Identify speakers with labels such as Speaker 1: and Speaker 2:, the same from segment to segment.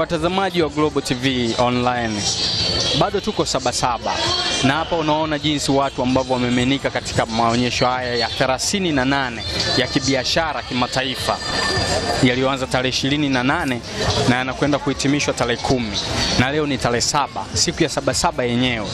Speaker 1: watazamaji wa Global TV online, bado tuko Sabasaba na hapa unaona jinsi watu ambavyo wamemenika katika maonyesho haya ya 38 ya kibiashara kimataifa yaliyoanza tarehe 28 na yanakwenda kuhitimishwa tarehe kumi na leo ni tarehe saba, siku ya Sabasaba yenyewe.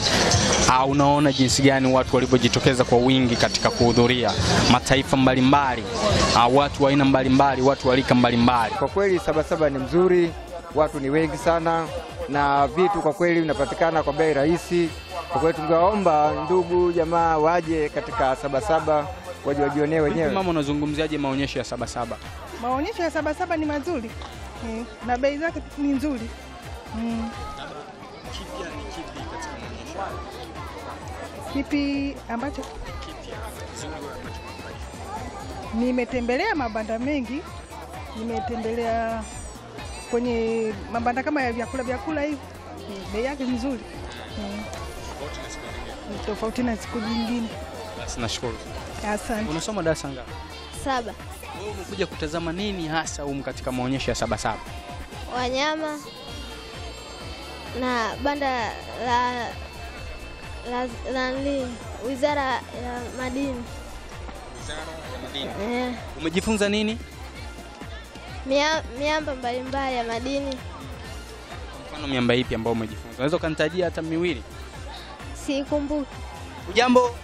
Speaker 1: Ah, unaona jinsi gani watu walivyojitokeza kwa wingi katika kuhudhuria mataifa mbalimbali mbali. Ah, watu wa aina mbalimbali, watu walika mbalimbali mbalimbali.
Speaker 2: Kwa kweli Sabasaba ni mzuri watu ni wengi sana na vitu kwa kweli vinapatikana kwa bei rahisi. Kwa kweli tungewaomba ndugu jamaa waje katika Sabasaba waje wajionee wenyewe. Mama,
Speaker 1: unazungumziaje maonyesho ya Sabasaba?
Speaker 3: Maonyesho ya Sabasaba ni mazuri mm, na bei zake ni nzuri mm. Kipi ambacho nimetembelea mabanda mengi, nimetembelea kwenye mabanda kama ya vyakula vyakula hivi hmm. bei yake nzuri hmm. hmm, tofauti na siku nyingine. Basi nashukuru. Asante.
Speaker 1: Unasoma darasa ngapi? Saba. Wewe umekuja kutazama nini hasa humu katika maonyesho ya Sabasaba?
Speaker 4: Wanyama na banda la la, la, la Wizara ya Madini.
Speaker 1: Wizara ya Madini. Yeah. Umejifunza nini?
Speaker 4: Mia, miamba mbalimbali ya madini.
Speaker 1: Mfano miamba ipi ambayo umejifunza? Unaweza ukanitajia hata miwili?
Speaker 4: Sikumbuki. Ujambo?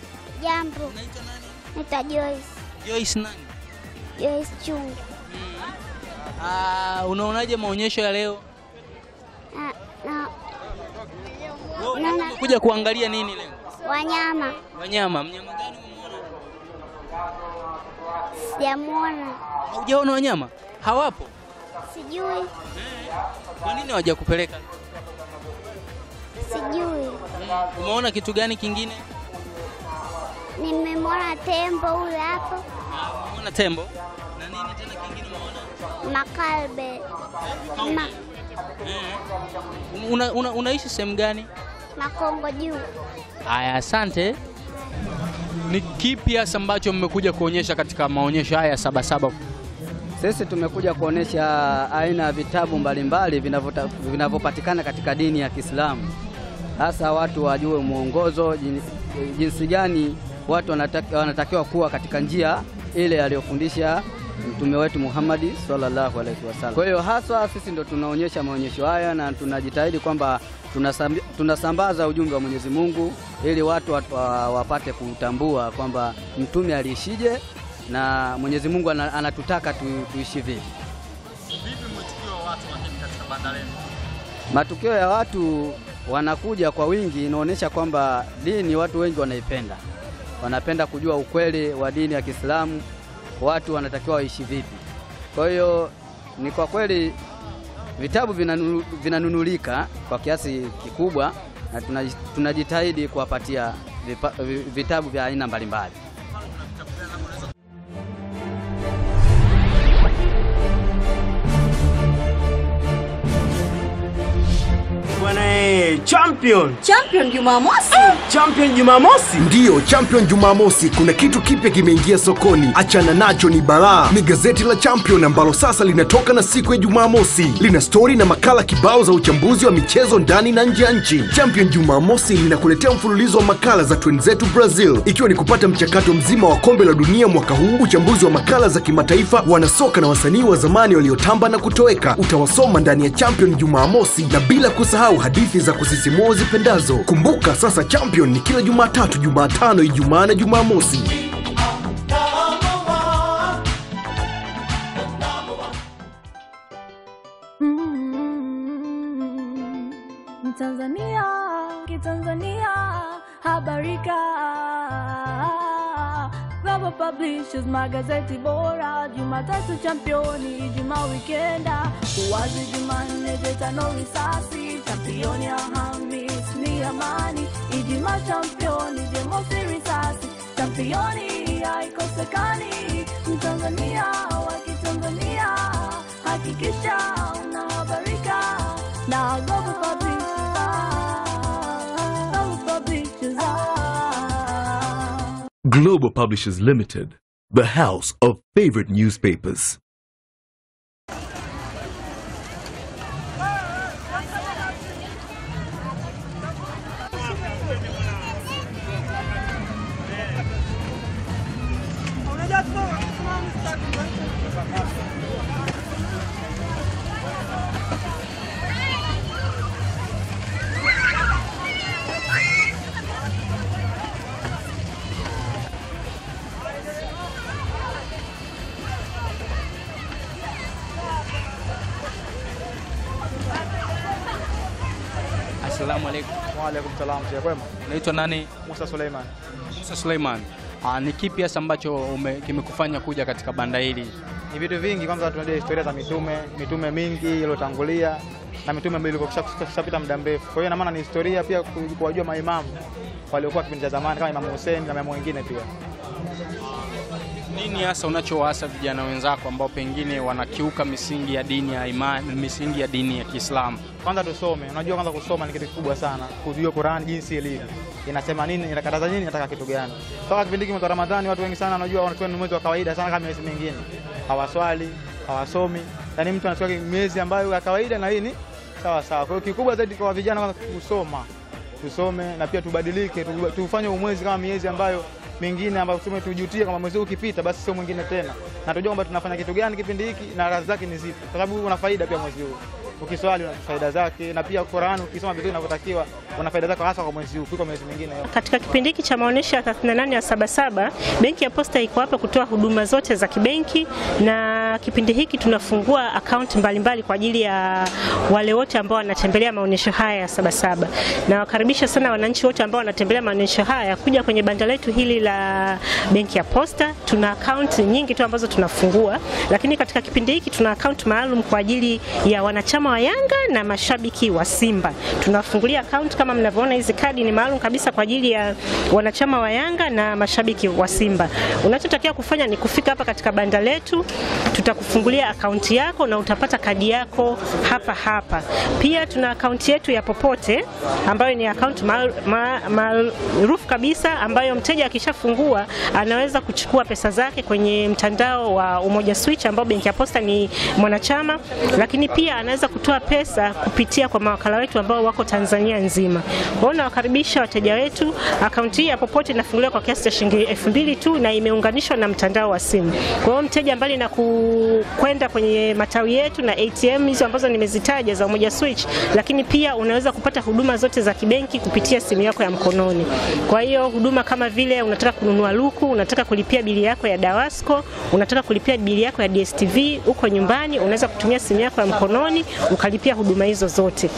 Speaker 4: Jambo. Unaitwa nani? Naitwa Joyce. Joyce nani? Joyce Chungu. Hmm.
Speaker 1: Ah, unaonaje maonyesho ya leo?
Speaker 4: Ah,
Speaker 1: kuja kuangalia nini leo?
Speaker 4: Wanyama.
Speaker 1: Wanyama. Mnyama gani umeona?
Speaker 4: Sijamuona.
Speaker 1: Hujaona wanyama? hawapo? Sijui. Kwa nini hawajakupeleka?
Speaker 4: Sijui. Hmm.
Speaker 1: Umeona kitu gani kingine?
Speaker 4: Nimemwona tembo huyo hapo.
Speaker 1: Umeona tembo? Na nini tena
Speaker 4: kingine umeona? Makalbe. Ma...
Speaker 1: Hmm. Una, una, unaishi sehemu gani?
Speaker 4: Makongo juu.
Speaker 1: Aya, asante. Ni kipi hasa ambacho mmekuja kuonyesha katika maonyesho haya Sabasaba?
Speaker 2: Sisi tumekuja kuonesha aina ya vitabu mbalimbali vinavyopatikana katika dini ya Kiislamu, hasa watu wajue mwongozo jinsi gani watu wanatakiwa kuwa katika njia ile aliyofundisha mtume wetu Muhammad sallallahu alaihi wasallam. Kwa hiyo haswa sisi ndo tunaonyesha maonyesho haya na tunajitahidi kwamba tunasambaza ujumbe wa Mwenyezi Mungu ili watu wapate kutambua kwamba mtume aliishije na Mwenyezi Mungu anatutaka tu, tuishi vipi.
Speaker 1: Vipi matukio ya watu wageni katika banda lenu?
Speaker 2: Matukio ya watu wanakuja kwa wingi, inaonyesha kwamba dini watu wengi wanaipenda, wanapenda kujua ukweli wa dini ya Kiislamu, watu wanatakiwa waishi vipi. Kwa hiyo ni kwa kweli vitabu vinanunulika kwa kiasi kikubwa, na tunajitahidi kuwapatia vitabu vya aina mbalimbali.
Speaker 5: Champion.
Speaker 6: Champion Jumamosi. Ah,
Speaker 5: champion Jumamosi.
Speaker 7: Ndiyo, Champion Jumamosi. Kuna kitu kipya kimeingia sokoni, achana nacho, ni baraa Ni gazeti la Champion ambalo sasa linatoka na siku ya Jumamosi. Lina stori na makala kibao za uchambuzi wa michezo ndani na nje ya nchi. Champion Jumamosi linakuletea mfululizo wa makala za twenzetu Brazil, ikiwa ni kupata mchakato mzima wa kombe la dunia mwaka huu, uchambuzi wa makala za kimataifa, wanasoka na wasanii wa zamani waliotamba na kutoweka, utawasoma ndani ya Champion Jumamosi, na bila kusahau hadithi za kusi msisimua zipendazo. Kumbuka sasa Champion ni kila Jumatatu, Jumatano, Ijumaa na Jumamosi.
Speaker 8: Mm-hmm. Tanzania, Kitanzania, habarika Global Publishers, magazeti bora, Jumatatu championi, Ijumaa wikenda, uwazi Jumanne jetano risasi, championi ya Hamis ni amani, Ijumaa championi, jemosi risasi, championi haikosekani, Mtanzania wa Kitanzania, hakikisha unahabarika na
Speaker 9: Global Publishers Limited, the house of favorite newspapers.
Speaker 10: Waalaikum alaikum salaam. Kwema? Naitwa nani? Musa Suleiman. Musa Suleiman. Ah, ni kipi hasa ambacho kimekufanya kuja katika banda hili?
Speaker 11: Ni vitu vingi. Kwanza tunajua historia za mitume, mitume mingi iliyotangulia na mitume mbili kushapita muda mrefu. Kwa hiyo na maana ni historia pia kuwajua maimamu waliokuwa kipindi cha zamani kama Imamu Hussein na maimamu wengine pia.
Speaker 12: Nini hasa unachowaasa vijana wenzako ambao pengine wanakiuka misingi ya dini ya imani, misingi ya dini ya Kiislamu?
Speaker 13: Kwanza tusome, unajua kwanza kusoma ni kitu kikubwa sana, kujua Qur'an jinsi ilivyo inasema nini, inakataza nini, inataka kitu gani. Toka kipindi kimetoka Ramadhani, watu wengi sana wanajua wanakuwa ni mwezi wa kawaida sana kama miezi mingine, hawaswali hawasomi, yani mtu anatoka miezi ambayo ya kawaida na hii ni sawa sawa. Kwa hiyo kikubwa zaidi kwa vijana kwanza kusoma, tusome na pia tubadilike, tufanye umwezi kama miezi ambayo mingine ambayo tuseme tujutie kama mwezi huu ukipita, basi sio mwingine tena, na tujua kwamba tunafanya kitu gani kipindi hiki na radhi zake ni zipi, kwa sababu una faida pia mwezi huu ukiswali una faida zake, na pia Qur'an ukisoma vizuri inavyotakiwa una faida zake, hasa kwa mwezi huu kuliko mwezi mingine.
Speaker 14: Katika kipindi hiki cha maonyesho ya 38 ya Sabasaba, benki ya Posta iko hapa kutoa huduma zote za kibenki, na kipindi hiki tunafungua account mbalimbali kwa ajili ya wale wote ambao wanatembelea maonyesho haya ya Sabasaba. Nawakaribisha sana wananchi wote ambao wanatembelea maonyesho haya kuja kwenye banda letu hili la benki ya Posta. Tuna akaunti nyingi tu ambazo tunafungua, lakini katika kipindi hiki tuna akaunti maalum kwa ajili ya wanachama wa Yanga na mashabiki wa Simba. Tunafungulia akaunti kama mnavyoona, hizi kadi ni maalum kabisa kwa ajili ya wanachama wa Yanga na mashabiki wa Simba. Unachotakiwa kufanya ni kufika hapa katika banda letu, tutakufungulia akaunti yako na utapata kadi yako hapa hapa. Pia tuna akaunti yetu ya popote ambayo ni akaunti maarufu ma, ma, kabisa ambayo mteja akisha akishafungua anaweza kuchukua pesa zake kwenye mtandao wa Umoja Switch ambao benki ya Posta ni mwanachama, lakini pia anaweza kutoa pesa kupitia kwa mawakala wetu ambao wako Tanzania nzima. Kwa hiyo nawakaribisha wateja wetu, akaunti hii ya popote inafunguliwa kwa kiasi cha shilingi elfu mbili tu na imeunganishwa na mtandao wa simu. Kwa hiyo mteja, mbali na kwenda kwenye matawi yetu na ATM hizo ambazo nimezitaja za Umoja Switch, lakini pia unaweza kupata huduma zote za kibenki kupitia simu yako ya mkononi. Kwa hiyo huduma kama vile unataka kununua luku, unataka kulipia bili yako ya Dawasco, unataka kulipia bili yako ya DSTV uko nyumbani, unaweza kutumia simu yako ya mkononi ukalipia huduma hizo zote.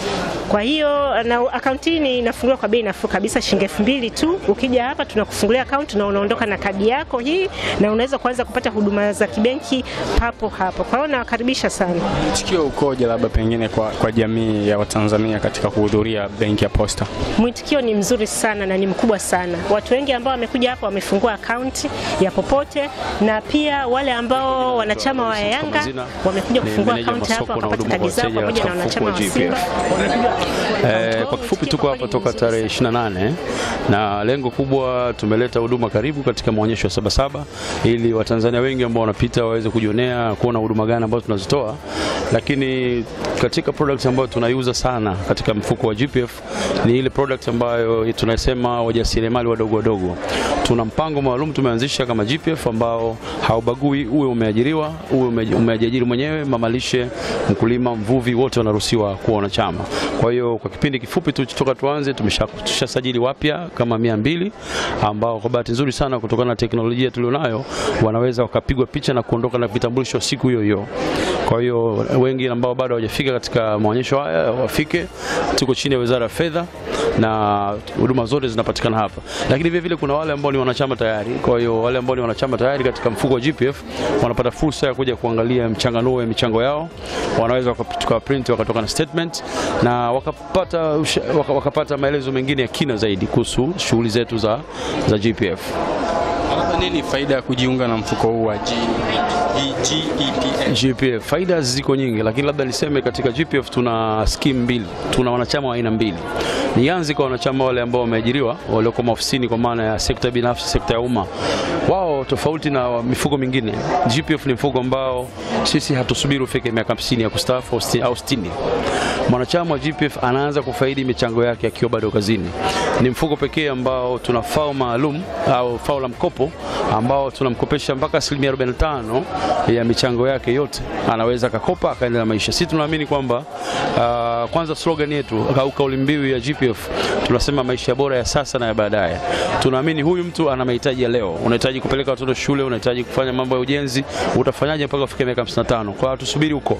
Speaker 14: Kwa hiyo na akaunti hii inafunguliwa kwa bei nafuu kabisa, shilingi elfu mbili tu. Ukija hapa tunakufungulia akaunti na unaondoka na kadi yako hii, na unaweza kuanza kupata huduma za kibenki papo hapo. Kwa hiyo nawakaribisha sana.
Speaker 15: Mwitikio ukoje, labda pengine kwa, kwa jamii ya Watanzania katika kuhudhuria benki ya Posta?
Speaker 14: Mwitikio ni mzuri sana na ni mkubwa sana. Watu wengi ambao wamekuja hapa wamefungua akaunti ya popote, na pia wale ambao wanachama wa Yanga wamekuja kufungua
Speaker 15: akaunti hapa kwa kadi zao pamoja na wanachama wa Simba.
Speaker 16: Eh, kwa kifupi tuko hapa toka tarehe 28 na lengo kubwa tumeleta huduma karibu katika maonyesho ya Sabasaba ili Watanzania wengi ambao wanapita waweze kujionea kuona huduma gani ambazo tunazitoa, lakini katika products ambayo tunaiuza sana katika mfuko wa GPF ni ile product ambayo tunasema wajasiriamali wadogo wadogo Tuna mpango maalum tumeanzisha kama GPF ambao haubagui uwe umeajiriwa uwe umejiajiri mwenyewe, mamalishe, mkulima, mvuvi, wote wanaruhusiwa kuwa wanachama. Kwa hiyo kwa kipindi kifupi tu toka tuanze tumeshasajili wapya kama mia mbili ambao kwa bahati nzuri sana kutokana na teknolojia tulionayo wanaweza wakapigwa picha na kuondoka na vitambulisho siku hiyo hiyo. Kwa hiyo wengi ambao bado hawajafika katika maonyesho haya wafike. Tuko chini ya Wizara ya Fedha na huduma zote zinapatikana hapa, lakini vile vile kuna wale ambao ni wanachama tayari. Kwa hiyo wale ambao ni wanachama tayari katika mfuko wa GPF wanapata fursa ya kuja kuangalia mchanganuo ya michango yao, wanaweza print wakatoka na statement na wakapata, waka, wakapata maelezo mengine ya kina zaidi kuhusu shughuli zetu za, za GPF. nini faida ya kujiunga na mfuko huu wa GPF? GPF. faida ziko nyingi, lakini labda niseme katika GPF tuna skimu mbili, tuna wanachama wa aina mbili. Nianze kwa wanachama wale ambao wameajiriwa walioko maofisini, kwa maana ya sekta binafsi, sekta ya umma. Wao tofauti na mifuko mingine, GPF ni mfuko ambao sisi hatusubiri ufike miaka 50 ya kustaafu au 60 mwanachama wa GPF anaanza kufaidi michango yake akiwa bado kazini. Ni mfuko pekee ambao tuna fao maalum au fao la mkopo ambao tunamkopesha mpaka asilimia 45 ya michango yake yote, anaweza akakopa akaendelea maisha. Sisi tunaamini kwamba uh, kwanza slogan yetu au kauli mbiu ya GPF tunasema maisha bora ya sasa na ya baadaye. Tunaamini huyu mtu ana mahitaji ya leo. Unahitaji kupeleka watoto shule, unahitaji kufanya mambo ya ujenzi, utafanyaje mpaka ufike miaka 55? Kwa hiyo tusubiri huko.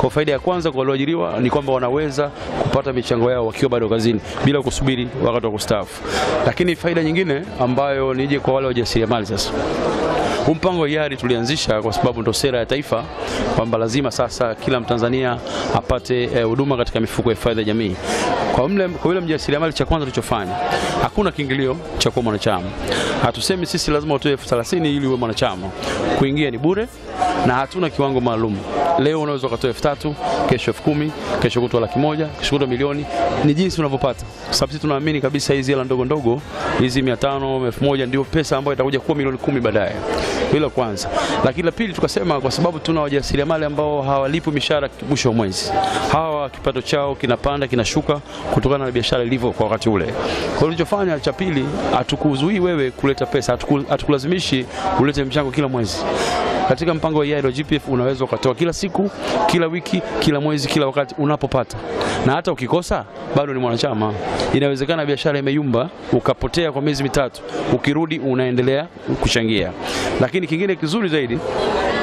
Speaker 16: Kwa faida ya kwanza kwa walioajiriwa ni kwamba wanaweza kupata michango yao wakiwa bado kazini bila kusubiri wakati wa kustaafu. Lakini faida nyingine ambayo nije kwa wale wajasiriamali sasa huu mpango hiari tulianzisha kwa sababu ndo sera ya taifa kwamba lazima sasa kila Mtanzania apate eh, huduma e, katika mifuko ya hifadhi ya jamii. Kwa mle, kwa yule mjasiriamali, cha kwanza tulichofanya, hakuna kiingilio cha kuwa mwanachama. Hatusemi sisi lazima utoe elfu thelathini ili uwe mwanachama, kuingia ni bure na hatuna kiwango maalum. Leo unaweza ukatoa elfu tatu kesho elfu kumi kesho kutwa laki moja kesho kutwa milioni, ni jinsi unavyopata, kwa sababu tunaamini kabisa hizi hela ndogo ndogo hizi mia tano elfu moja ndio pesa ambayo itakuja kuwa milioni kumi baadaye. Hilo kwanza, lakini la pili tukasema kwa sababu tuna wajasiriamali ambao hawalipwi mishahara mwisho wa mwezi, hawa kipato chao kinapanda kinashuka kutokana na biashara ilivyo kwa wakati ule. Kwa hiyo tulichofanya cha pili, hatukuzuii wewe kuleta pesa, hatukul, atuku, ulete mchango kila mwezi katika mpango wa EIDL GPF unaweza ukatoa kila siku, kila wiki, kila mwezi, kila wakati unapopata, na hata ukikosa bado ni mwanachama. Inawezekana biashara imeyumba, ukapotea kwa miezi mitatu, ukirudi unaendelea kuchangia. Lakini kingine kizuri zaidi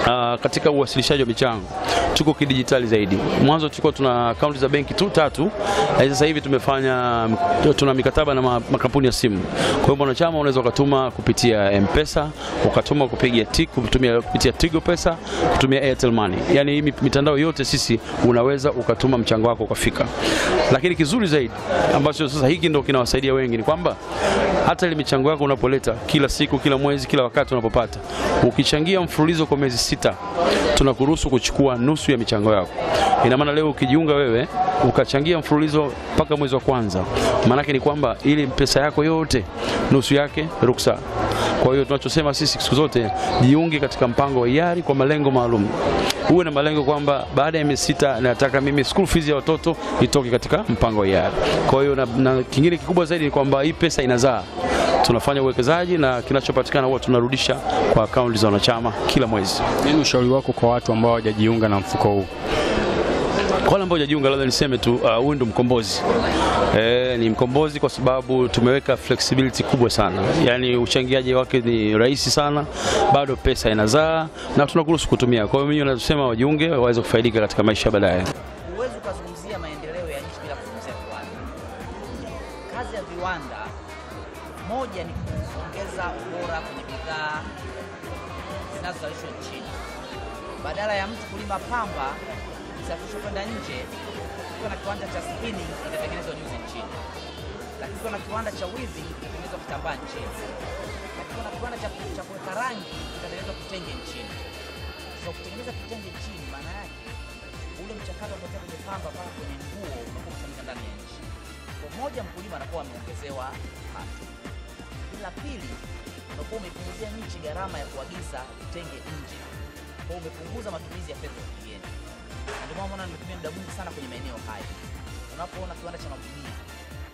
Speaker 16: uh, katika uwasilishaji wa michango tuko kidijitali zaidi. Mwanzo tulikuwa tuna akaunti za benki tu tatu, sasa hivi tumefanya tuna mikataba na makampuni ya simu. Kwa hiyo mwanachama unaweza ukatuma kupitia Mpesa, ukatuma kupiga tik, kutumia kupitia Tigo Pesa, kutumia Airtel Money. yani hii mitandao yote sisi unaweza ukatuma mchango wako ukafika. Lakini kizuri zaidi ambacho sasa hiki ndio kinawasaidia wengi ni kwamba hata ile michango yako unapoleta kila siku, kila mwezi, kila wakati unapopata ukichangia mfululizo kwa miezi sita tunakuruhusu kuchukua nusu ya michango yako. Ina maana leo ukijiunga wewe ukachangia mfululizo mpaka mwezi wa kwanza, maanake ni kwamba ili pesa yako yote nusu yake ruksa. Kwa hiyo tunachosema sisi siku zote, jiunge katika mpango wa hiari kwa malengo maalum. Uwe na malengo kwamba baada ya miezi sita nataka mimi school fees ya watoto itoke katika mpango wa hiari. Kwa hiyo na, na kingine kikubwa zaidi ni kwamba hii pesa inazaa tunafanya uwekezaji na kinachopatikana huwa tunarudisha kwa akaunti za wanachama kila mwezi. Nini ushauri wako kwa watu ambao hawajajiunga na mfuko huu? Kwa wale ambao hawajajiunga, labda niseme tu uh, huyu uh, ndo mkombozi e, ni mkombozi kwa sababu tumeweka flexibility kubwa sana, yaani uchangiaji wake ni rahisi sana, bado pesa inazaa na tunakuruhusu kutumia. Kwa hiyo mimi nasema wajiunge waweze kufaidika katika maisha baadaye.
Speaker 17: badala ya mtu kulima pamba kusafirishwa kwenda nje, kukiwa na kiwanda cha spinning kinatengenezwa nyuzi nchini, lakini kukiwa na kiwanda cha wizi kinatengenezwa kitambaa nchini, lakini kuna kiwanda cha kuweka rangi kinatengenezwa kitenge nchini. So kutengeneza kitenge nchini, maana yake ule mchakato kutoka kwenye pamba mpaka kwenye nguo unakuwa ndani ya nchi. Kwa moja, mkulima anakuwa ameongezewa pato. La pili, unakuwa umepunguzia nchi gharama ya kuagiza kitenge nje kwa umepunguza matumizi ya fedha za kigeni. Ndio maana mwana nimetumia muda mwingi sana kwenye maeneo haya. Unapoona kiwanda cha magunia,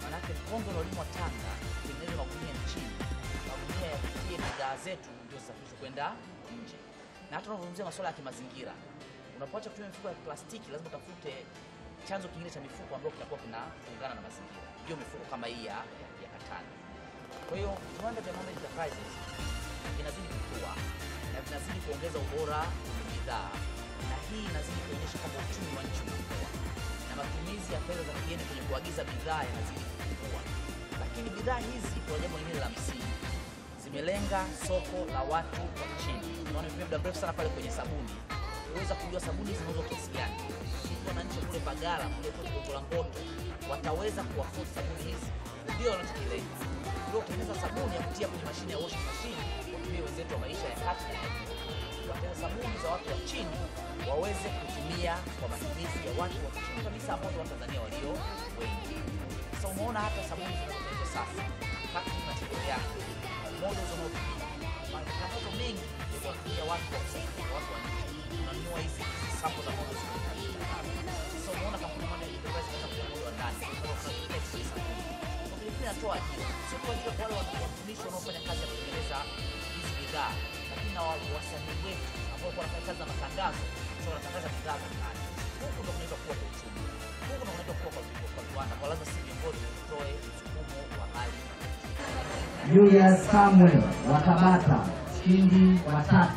Speaker 17: manake mkondo unaolimwa Tanga tengeneza magunia nchini, magunia ya bidhaa zetu ndio safirishwa kwenda nje. Na hata unapozungumzia masuala ya kimazingira, unapoacha kutumia mifuko ya plastiki, lazima utafute chanzo kingine cha mifuko ambayo kitakuwa kinaungana na mazingira, hiyo mifuko kama hii ya, ya katani. Kwa hiyo viwanda vya Mama Enterprises vinazidi kukua kuongeza ubora wa bidhaa, na hii inazidi kuonyesha kwamba uchumi wa nchi unakua na matumizi ya fedha za kigeni kwenye kuagiza bidhaa yanazidi kupungua. Lakini bidhaa hizi, kwa jambo lingine la msingi, zimelenga soko la watu wa chini. Unaona, nimepia muda mrefu sana pale kwenye sabuni, uweza kujua sabuni zinauzwa kiasi gani. Wananchi kule Bagala, kule kwa la Mboto wataweza kuafuta sabuni hizi, ndio wanachokilenga, ndio kutengeneza sabuni ya kutia kwenye mashine ya washing machine, watumie wenzetu wa maisha ya kati na kutengeneza sabuni za watu wa chini waweze kutumia kwa matumizi ya watu wa chini kabisa ambao ni Watanzania walio wengi. Sasa umeona hata sabuni zinazotengenezwa sasa, kati matokeo yake modo zinazotumia matatizo mengi ya kuwatumia watu wa kusafiri, watu wa nje, unanunua hizi sampo za modo sasa umeona kampuni moja ya Ingereza inaweza kuongoza ndani kwa sababu ya sabuni. Kwa hiyo inatoa ajira, sio kwa ajili ya wale watumishi wanaofanya kazi ya kutengeneza hizi bidhaa lakini na wasanii wetu ambao wanakataza matangazo, sio wanatangaza bidhaa za ndani. huko ndo kunaweza kuwa kwa uchumi, huku ndo kunaenda kuwa kwa viwanda, kwa lazima si viongozi tutoe msukumo wa hali.
Speaker 18: Julius Samuel wa Tabata, shilingi watatu.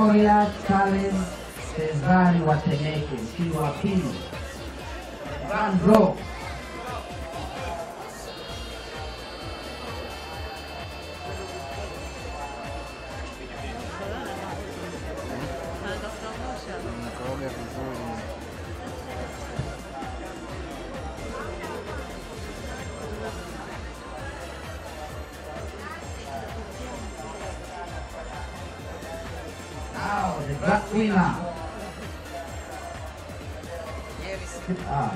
Speaker 18: Gloria Charles Cesari Wateneke, Kiwa Pini. Van Brock. Wina. Ah.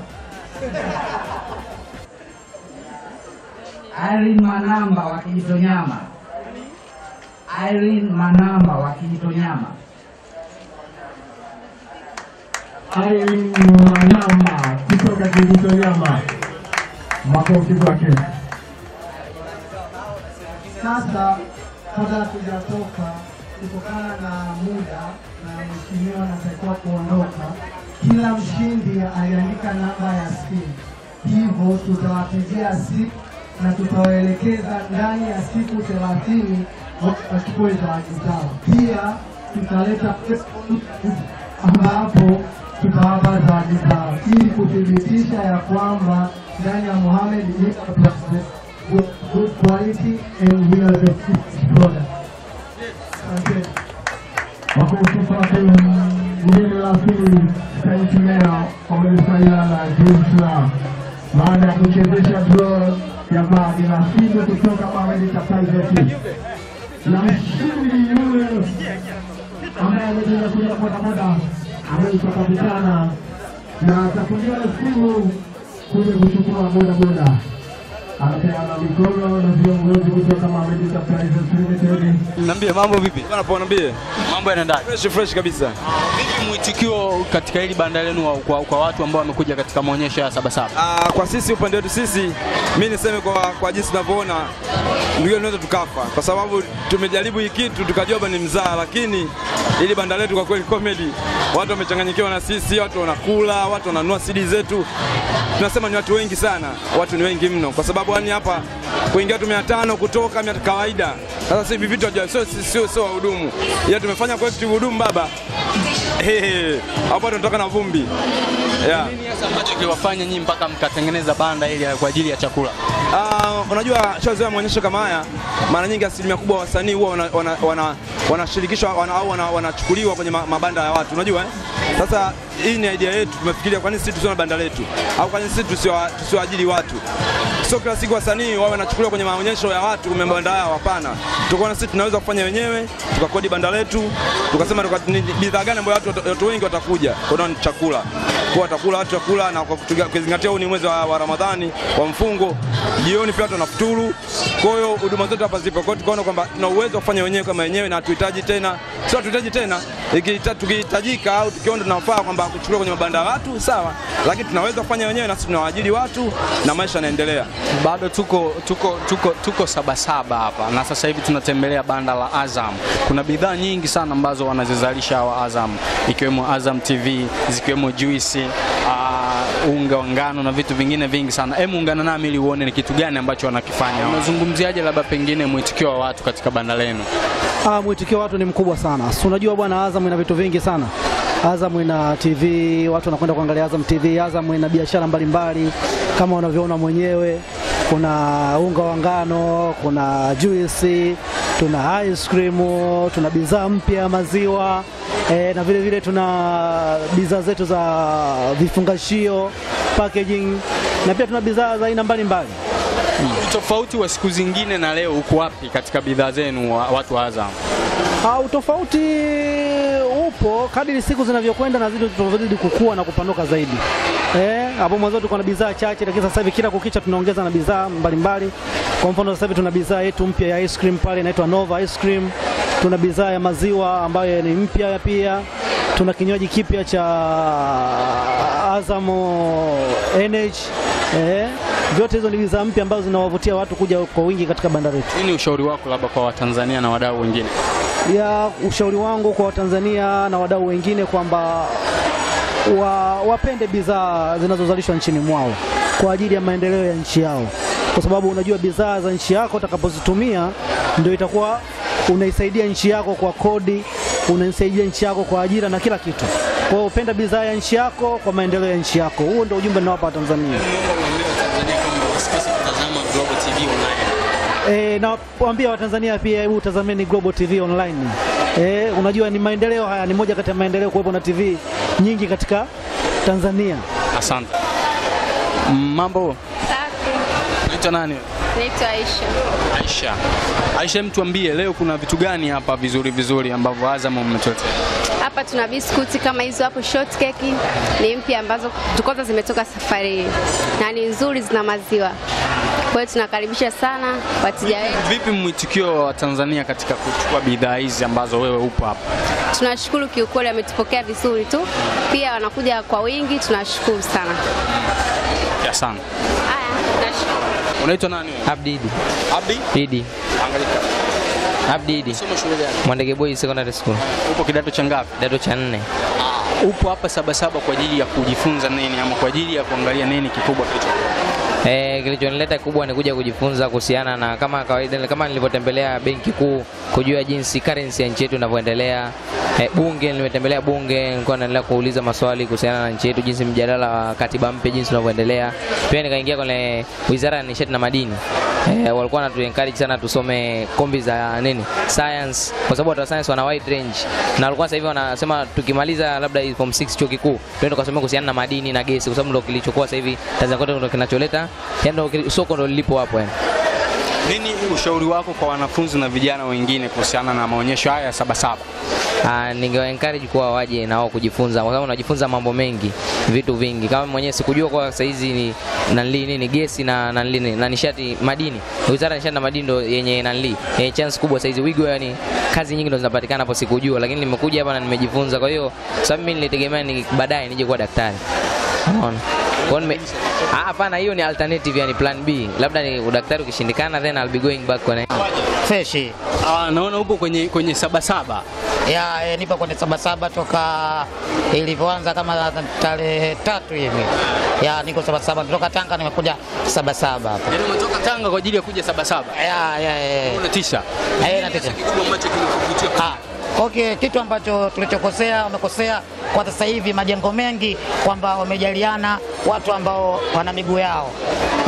Speaker 18: Irene Manamba wa Nyama. Irene Manamba wa Kijitonyama. Irene Manamba kutoka Kijitonyama. Makofi kwake.
Speaker 19: Sasa kabla tujatoka kutokana na muda mheshimiwa anatakiwa kuondoka, kila mshindi aliandika namba ya simu, hivyo tutawapigia simu na tutawaelekeza ndani ya siku thelathini wachukue zawadi zao. Pia tutaleta ambapo tutawapa zawadi zao ili kuthibitisha ya kwamba ndani ya Mohamed good quality and we are the product. Asante. Wakutupatia jina la pili Saint Mea wamelisanyana Jerusalem baada ya kuchezesha draw ya maji na figo kutoka Bahrain Private na mshindi yule ambaye amejeza kuja bodaboda anaitwa Kapitana na atakulia simu kuja kuchukua bodaboda anapeana mikono na viongozi kutoka Mohamed Enterprises Limited.
Speaker 20: Niambie mambo vipi? Bwana poa, niambie. Mambo yanaenda. Fresh fresh kabisa. Ah, vipi mwitikio katika hili banda lenu kwa, kwa watu ambao wamekuja katika maonyesho ya Sabasaba? Ah, kwa sisi upande wetu sisi, mimi niseme kwa kwa jinsi tunavyoona ndio tunaweza tukafa kwa sababu tumejaribu hii kitu tukajoba ni mzaa, lakini ili banda letu kwa kweli comedy, watu wamechanganyikiwa na sisi, watu wanakula, watu wananua CD zetu. Tunasema ni watu wengi sana, watu ni wengi mno kwa sababu Pwani hapa kuingia tu mia tano kutoka mia kawaida. Sasa si hivi vitu sio sio sio wahudumu, ila tumefanya collective hudumu baba hapa tunatoka na vumbi yeah. Nini hasa ambacho kiliwafanya nyinyi mpaka mkatengeneza banda ili kwa ajili ya chakula? Uh, unajua ya maonyesho kama haya, mara nyingi asilimia kubwa wasanii huwa wanashirikishwa wana, wana, wana, wana, wanachukuliwa kwenye mabanda ya watu, unajua eh? Sasa hii ni idea yetu, tumefikiria kwa nini sisi tusiwe na banda letu au kwa nini sisi tusiwaajiri watu. Sio kila siku wasanii wawe wanachukuliwa kwenye maonyesho ya watu, kwenye mabanda yao, hapana. Tukaona sisi tunaweza kufanya wenyewe, tukakodi banda letu, tukasema bidhaa gani ambayo watu, watu wengi watakuja, kwa chakula kwa atakula watu chakula, na kwa kuzingatia huu ni mwezi wa, wa Ramadhani kwa mfungo, jioni pia tunafuturu. Kwa hiyo huduma zote hapa zipo, kwa hiyo tukaona kwamba tuna uwezo wa kufanya wenyewe kama wenyewe, na tuhitaji tena, sio tuhitaji tena, tukihitajika au tukiona tunafaa kwamba kuchukua kwenye mabanda ya watu sawa, lakini tunaweza kufanya wenyewe, na nasi tunawaajiri watu na maisha yanaendelea. Bado tuko tuko tuko tuko Sabasaba hapa na sasa hivi tunatembelea banda la Azam. Kuna bidhaa nyingi sana ambazo wanazizalisha wa Azam, ikiwemo Azam TV, zikiwemo juisi uh, unga wa ngano na vitu vingine vingi sana. Hebu ungana nami ili uone ni kitu gani ambacho wanakifanya. Unazungumziaje labda pengine mwitikio wa watu katika banda lenu? Ah, mwitikio wa watu ni mkubwa sana. Unajua bwana, Azam ina vitu vingi sana. Azam ina TV, watu wanakwenda kuangalia Azam TV. Azam ina biashara mbalimbali kama unavyoona mwenyewe, kuna unga wa ngano, kuna juisi tuna ice cream, tuna bidhaa mpya maziwa e, na vile vile tuna bidhaa zetu za vifungashio packaging, na pia tuna bidhaa za aina mbalimbali. Utofauti hmm. wa siku zingine na leo uko wapi katika bidhaa zenu watu wa Azam? Ah, utofauti upo kadiri siku zinavyokwenda na zidi tunavyozidi kukua na kupanuka zaidi. Eh, hapo mwanzo tulikuwa na bidhaa chache, lakini sasa hivi kila kukicha tunaongeza na bidhaa mbalimbali. Kwa mfano sasa hivi tuna bidhaa yetu mpya ya ice cream pale inaitwa Nova Ice Cream. Tuna bidhaa ya maziwa ambayo ni mpya pia. Tuna kinywaji kipya cha Azamo Energy eh, vyote hizo ni bidhaa mpya ambazo zinawavutia watu kuja kwa wingi katika bandari yetu. Nini ushauri wako labda kwa Watanzania na wadau wengine? ya ushauri wangu kwa Watanzania na wadau wengine kwamba wa, wapende bidhaa zinazozalishwa nchini mwao kwa ajili ya maendeleo ya nchi yao, kwa sababu unajua bidhaa za nchi yako utakapozitumia ndio itakuwa unaisaidia nchi yako kwa kodi, unaisaidia nchi yako kwa ajira na kila kitu. Kwa hiyo upenda bidhaa ya nchi yako kwa maendeleo ya nchi yako. Huo ndio ujumbe ninawapa Watanzania. E, nawaambia Watanzania pia hebu tazameni Global TV Online. E, unajua ni maendeleo haya, ni moja kati ya maendeleo kuwepo na TV nyingi katika Tanzania. Asante. Mambo safi.
Speaker 21: Naitwa nani? Naitwa Aisha. Aisha. Aisha, mtuambie leo kuna vitu gani hapa vizuri vizuri ambavyo Azam mmetuletea? Hapa tuna biskuti kama hizo hapo, shortcake ni mpya ambazo tukoza zimetoka safari na ni nzuri, zina maziwa kwa hiyo tunakaribisha sana wateja wetu. Vipi mwitikio wa Tanzania katika kuchukua bidhaa hizi ambazo wewe upo hapa? Tunashukuru kiukweli, ametupokea vizuri tu, pia wanakuja kwa wingi, tunashukuru sana ya sana. Haya, tunashukuru. Unaitwa nani? Abdidi.
Speaker 22: Abdi? Didi. Angalika. Abdidi. Mwandege Boys Secondary School. Upo kidato cha ngapi? Kidato cha nne. Ah, upo hapa Sabasaba kwa ajili ya kujifunza nini ama kwa ajili ya kuangalia nini kikubwa kilicho Eh, kilichonileta kubwa ni kuja kujifunza kuhusiana na kama kawaida, kama nilivyotembelea benki kuu kujua jinsi currency ya nchi yetu inavyoendelea. E, bunge nimetembelea bunge, nilikuwa naendelea kuuliza maswali kuhusiana na nchi yetu, jinsi mjadala wa katiba mpya jinsi unavyoendelea. Pia nikaingia kwenye wizara ya nishati na madini e, walikuwa wanatu encourage sana tusome kombi za nini science, kwa sababu watu science wana wide range, na walikuwa sasa hivi wanasema tukimaliza labda form 6 chuo kikuu tuende kusomea kuhusiana na madini na gesi, kwa sababu ndio kilichokuwa sasa hivi Tanzania kote ndio kinacholeta yani soko ndo lilipo hapo yani. Nini ushauri wako kwa wanafunzi na vijana wengine kuhusiana na maonyesho haya ya Sabasaba? Uh, ah, ningewa encourage kuwa waje na wao kujifunza, kwa sababu unajifunza mambo mengi, vitu vingi. Kama mwenyewe sikujua kwa saizi ni nanli nini gesi na nanli na nishati madini, wizara nishati na madini ndo yenye nanli yenye chance kubwa saizi wigo, yani kazi nyingi ndo zinapatikana hapo, sikujua, lakini nimekuja hapa na nimejifunza. Kwa hiyo sababu mimi nilitegemea ni baadaye nije kuwa daktari. Unaona? Kwa One Ah, Hapana, hiyo ni alternative, yani plan B, labda ni udaktari ukishindikana, then I'll be going back kwa kwenye Feshi. Ah, naona upo kwenye kwenye sabasaba ya e, nipo kwenye sabasaba toka ilivyoanza kama tarehe tatu hivi ya niko sabasaba toka Tanga nimekuja sabasaba hapa. Yaani umetoka Tanga kwa ajili ya kuja sabasaba? Ya, ya, ya. Unatisha. Eh, natisha. Kikubwa ambacho kinakuvutia. Ah. Okay, kitu ambacho tulichokosea wamekosea kwa sasa hivi majengo mengi kwamba wamejaliana watu ambao wana miguu yao,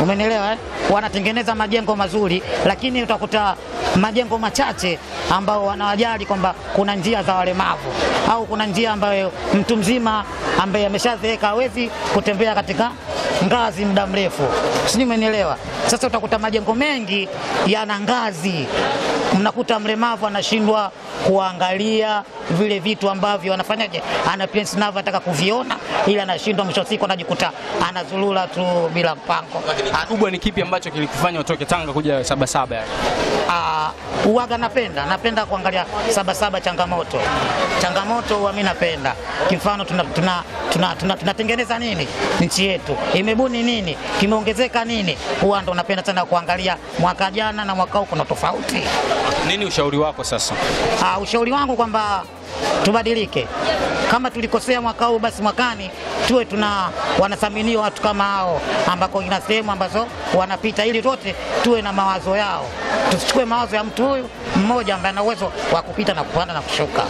Speaker 22: umenielewa eh? Wanatengeneza majengo mazuri, lakini utakuta majengo machache ambao wanawajali kwamba kuna njia za walemavu au kuna njia ambayo mtu mzima ambaye ameshazeeka hawezi kutembea katika ngazi muda mrefu, sijui umenielewa. Sasa utakuta majengo mengi yana ngazi Mnakuta mlemavu anashindwa kuangalia vile vitu ambavyo anafanyaje, ana pensi navyo anataka kuviona ili anashindwa, mwisho siku anajikuta anazulula tu bila mpango. Ah, kubwa ni kipi ambacho kilikufanya utoke Tanga kuja Sabasaba? uh, uwaga, napenda napenda kuangalia Sabasaba, changamoto changamoto huwa mimi napenda, kimfano tuna, tuna tunatengeneza tuna, tuna nini nchi yetu imebuni nini kimeongezeka nini, huwa ndo napenda sana kuangalia mwaka jana na mwaka huu kuna tofauti. Nini ushauri wako sasa? Uh, ushauri wangu kwamba tubadilike. Kama tulikosea mwaka huu, basi mwakani tuwe tuna wanathaminiwa watu kama hao, ambako ina sehemu ambazo wanapita, ili wote tuwe na mawazo yao, tusichukue mawazo ya mtu huyu mmoja ambaye ana uwezo wa kupita na kupanda na kushuka.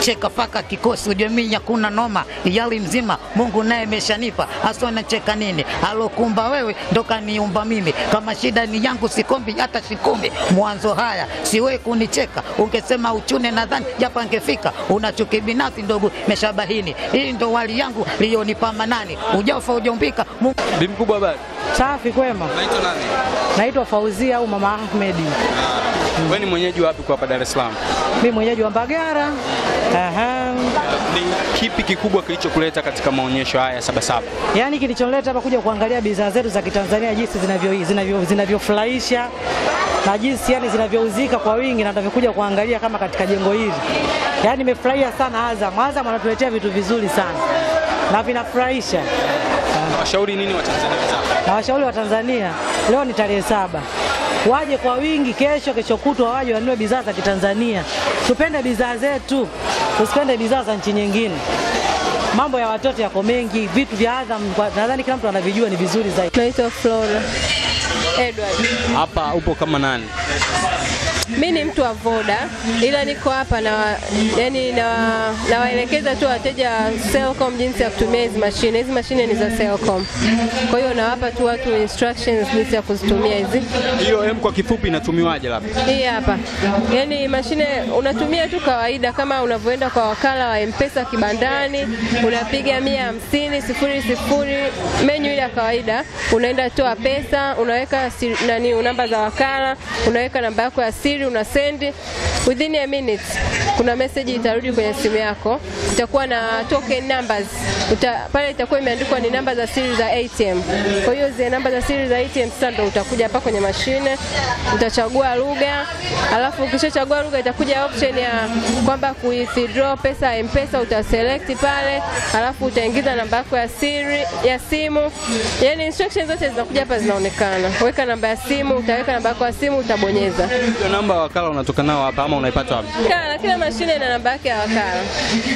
Speaker 22: Cheka faka kikosi ujamii hakuna noma, yali mzima Mungu naye ameshanipa haswa, nacheka nini? Alokumba wewe ndo kaniumba mimi, kama shida ni yangu sikombi hata shikombi. Mwanzo haya siwe kunicheka, ungesema uchune nadhani japo angefika unachuki binafsi ndogo meshabahini Hii ndo wali yangu liyonipa manani, ujafa ujaumbika. Bi mkubwa, habari? Safi, kwema. Naitwa nani? Naitwa Fauzia au Mama Ahmedi. Ah. Wewe ni mwenyeji wapi kwa hapa Dar es Salaam? Mimi mwenyeji wa Mbagara. Aha. Ah, ni kipi kikubwa kilichokuleta katika maonyesho haya Sabasaba? Yaani kilichonileta hapa kuja kuangalia bidhaa zetu za Kitanzania jinsi zinavyofurahisha zinavyo, zinavyo na jinsi yani zinavyouzika kwa wingi na tunavyokuja kuangalia kama katika jengo hili Yaani nimefurahia sana Azam. Azam anatuletea vitu vizuri sana na vinafurahisha. Nawashauri nini Watanzania wenzangu? Nawashauri Watanzania, leo ni tarehe saba, waje kwa wingi, kesho kesho kutwa waje wanunue bidhaa za Kitanzania. Tupende bidhaa zetu, tusipende bidhaa za nchi nyingine. Mambo ya watoto yako mengi, vitu vya Azam nadhani kila mtu anavijua, ni
Speaker 23: vizuri zaidi. Naitwa Flora Edward. Hapa upo kama nani? mi ni mtu wa Voda, ila niko hapa na yani nawaelekeza na tu wateja wa Selcom jinsi ya kutumia hizi mashine. Hizi mashine ni za Selcom, kwa hiyo nawapa tu watu instructions jinsi ya kuzitumia hizi. Hiyo M kwa kifupi inatumiwaje? Labda hii hapa, yani mashine unatumia tu kawaida kama unavyoenda kwa wakala wa M-Pesa kibandani, unapiga mia hamsini sifuri sifuri, menyu ile ya kawaida, unaenda toa pesa, unaweka nani, namba za wakala, unaweka namba yako ya siri una send within a minute kuna message itarudi kwenye simu yako, itakuwa na token numbers uta, pale itakuwa imeandikwa ni namba za siri za ATM. Kwa hiyo zile namba za siri za ATM sasa ndo utakuja hapa kwenye mashine, utachagua lugha, alafu ukishachagua lugha itakuja option ya kwamba ku withdraw pesa M-Pesa, utaselect pale, alafu utaingiza namba yako ya siri ya simu. Yani instructions zote zinakuja hapa zinaonekana. Weka namba ya simu, utaweka namba yako ya simu, utabonyeza. namba wakala unatoka nao hapa ama unaipata wapi? Kana, kila mashine ina namba yake ya wakala.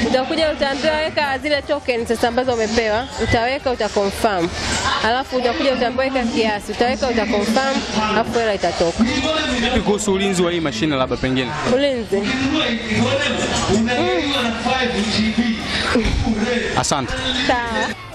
Speaker 23: Utakuja utaambiwa weka zile token sasa ambazo umepewa, utaweka uta Alafu utakuja utaambiwa weka kiasi, utaweka uta alafu hela itatoka. Vipi kuhusu ulinzi wa hii mashine labda pengine? Ulinzi. Mm. Asante. Sawa.